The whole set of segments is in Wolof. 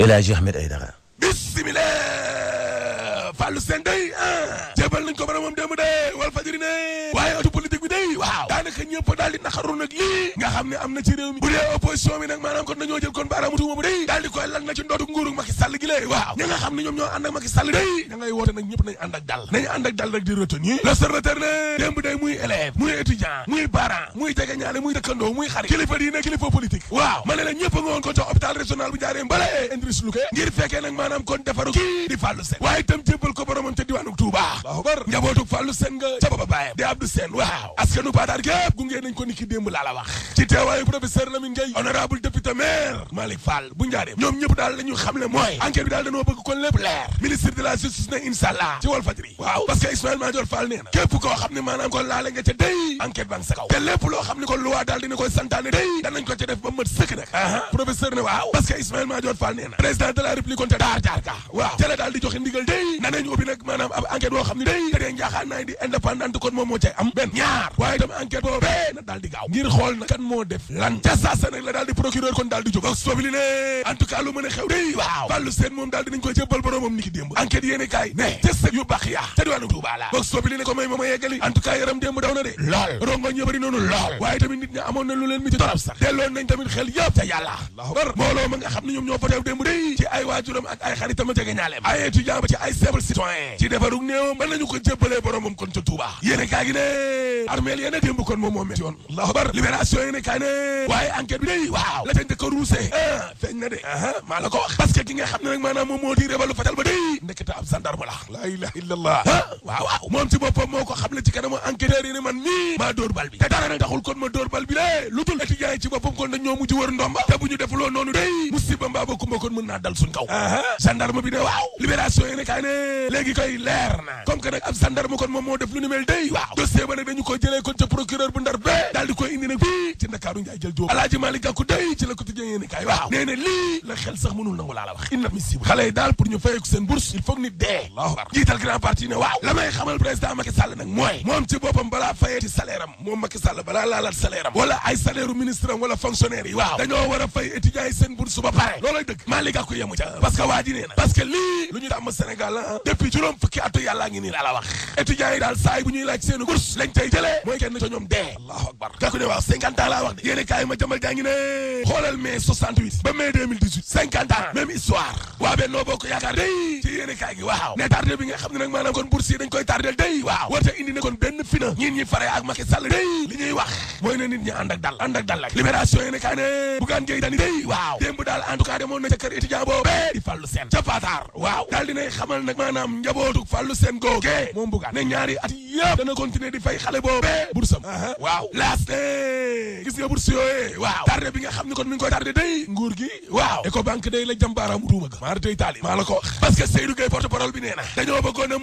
El Hadji Ahmed Aidara bismillah Fallou Sène day ah jébal nañ ko borom moom démb de Walf Fadjri ne waaye day waaw daanaka ñëpp daal di naxaru nag lii nga xam ne am na ci réew mi bu dee opposition bi nag maanaam kon dañoo jël kon baaraamu tuuma day daal di koy lan na ci ndootu nguuru Macky Sall gi lay waaw ñi xam ne ñoom ñoo ànd ak Macky Sall day da ngay woote nag ñëpp nañ ànd ak dal nañ ànd dal rek di retenir l'observateur ne démb day muy élève muy étudiant muy parent muy jegeñaale muy dëkkandoo muy xarit kilifa diine kilifa politique waaw ma la ñëpp nga maanaam kon defaru kii ko boromam ca diwaanu askanu baadaar gépp gungee ko ni ki laa la wax ci teewaayu professeur Lamine Gueye honorable député maire Malick Fall bu ñoom ñëpp daal la xam le mooy enquête bi daal dañoo bëgg kon lépp leer ministre de la justice ne inshallah ci wal fajri waaw parce que Ismaïla Madior Fall nee na képp koo xam ne maanaam kon laale nga ca day enquête baa ngi te lépp loo xam ne kon luwaa daal dina koy santaane day danañ ko ca def ba mat sëkk ka waaw ca waaye itam enquête boobee na daal di gaaw ngir xool na kan moo def lan ca saa sa nag la daal di procureur kon daal di jóg vox populi ne en tout lu mën a xew day waaw seen moom daal dinañ ko jébbal boroomam ni ki démb enquête yéene kaay ne ca sëb yu baax ca diwaanu Tuuba la vox populi ne ko may ma ma yeggali en yaram démb daw na de lool rongoñ ya bari noonu lool waaye tamit nit ña amoon na lu leen mi ci torop sax delloon nañ tamit xel yëpp xam ne ñoom ñoo fa waajuram ak ay xaritam jege ñaaleem ay étudiant ba ci ay seebal citoyen ci defarug néewam mën nañu ko jébbalee boromam kon ca Touba yéene ne armeel yéene démb kon moom moo metti yoon allahu akbar libération yéene ne waaye enquête bi day waaw la ca njëkk a ruusee ah de aa maa la ko wax ki nga xam ne nag maanaam moom moo di rebalu fatal ba day ndekete ab gendarme la laa ilaha ah, waaw moom ci boppam moo ko xam ne ci kanamu enquêteurs ne man nii ma dóor bal gendarme bi de waaw libération yéene kaay ne léegi koy leer comme que ab gendarme kon moom moo def lu ni mel day waaw dossier ba nag dañu ko jëlee kon ca procureur bu ndar daal di koy indi nag fii ci ndakaaru njaay jël jóob alaaji Malick Gakou day ci la quotidien yéene kaay waaw nee lii la xel sax mënul nangu laa wax inadmissible xale yi daal pour ñu fayeeku seen bourse il faut ni dee jiital grand parti ne waaw la may xamal président Macky Sall nag mooy parce que waa ji nee na parce lii lu ñu tàmm Sénégal la depuis juróom fukki atu yàllaa ngi nii laa la wax étudiants yi daal saa bu ñuy laaj seeni course lañ tey jëlee mooy kenn ca dee allahu akbar ne waaw cinquante kaay ma jëmal jaa ngi ne xoolal mai ba mai 2018 cinquante histoire waa benn noo bokk yaakaar day ci yéene kaay gi waaw ne tardé bi nga xam ne nag maanaam kon bourse dañ koy tardé day waaw warte indi na kon benn fi na ñiin ñi fare ak Macky Sall kee di fàllu seen ca Fataar waaw daal dinay xamal nag maanaam njabootu fàllu seen googee moom bugaan ne ñaari at yëpp dana continuer di fay xale boobee bursam waaw laaste gis nga bourse yooyee waaw tardé bi nga xam ne kon mi ngi day nguur gi waaw Ecobank day la jàmbaaraam utuuma ga maa tey taali maa ko wax parce que Seydou bi nee na dañoo bëggoon a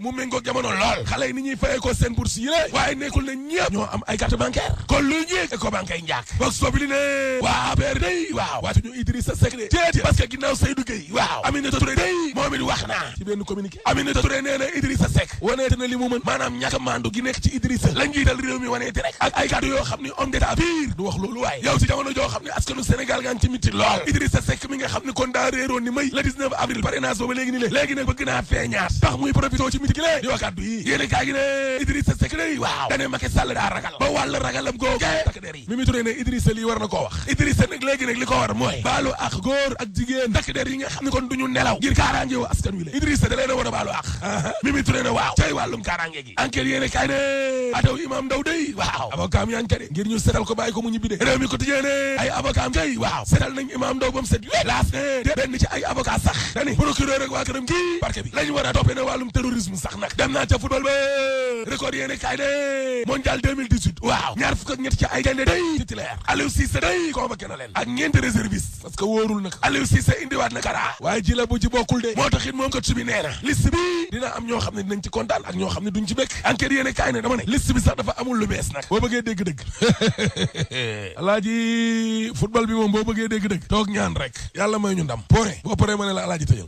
mu méngoo jamono lool xale ni ñuy fayee ko seen bourse yi waaye ne ñëpp ne waa APR day waaw ginnaaw Seydou Gueye waaw Aminata Touré day nee na Idrissa Seck waneete na li mu mën maanaam ñàkk mandu gi ci Idrissa la njiital réew mi ak ay kàddu yoo xam ni homme d'état pire du wax loolu waaye yow ci jamono joo xam ne askanu Sénégal gaan ci miti lool Idrissa Seck mi nga xam ne kon daa réeroon ni may le 19 avril parrainage booba léegi ni le léegi nag bëgg naa feeñaat tax muy profité ci miti gi lee di wax kàddu yi yéene kaa gi ne Idrissa waaw dane Macky takk der yi nga xam ne kon du ñu nelaw ngir kaaraange wu askan wi la Idrissa da leen a war a baalu àq Mimi Touré ne waaw tey wàllum kaaraange gi enquête yéene kay ne adaw imam ndaw day waaw avocat mi enquête ngir ñu setal ko bàyyi ko mu ñibbi de réew mi quotidien ay avocat am waaw setal nañ imam ndaw ba mu laas de benn ci ay avocat sax dani procureur ak waa këram kii parquet bi lañ war a waaw ñaar fukk ak ci ay gaynde day titulaire Aliou Cissé day convoqué na indiwaat na kara waaye ji la bu ci bokkul de moo tax it moom kat su bi nee na liste bi dina am ñoo xam ne dinañ ci ak ñoo ne duñ ci békk enquête yéene dama ne liste sax dafa amul lu bees nag boo bëggee dégg-dëgg alaaji bi moom boo bëggee dégg toog ñaan rek yàlla may ndam poore boo paree ma ne la alaaji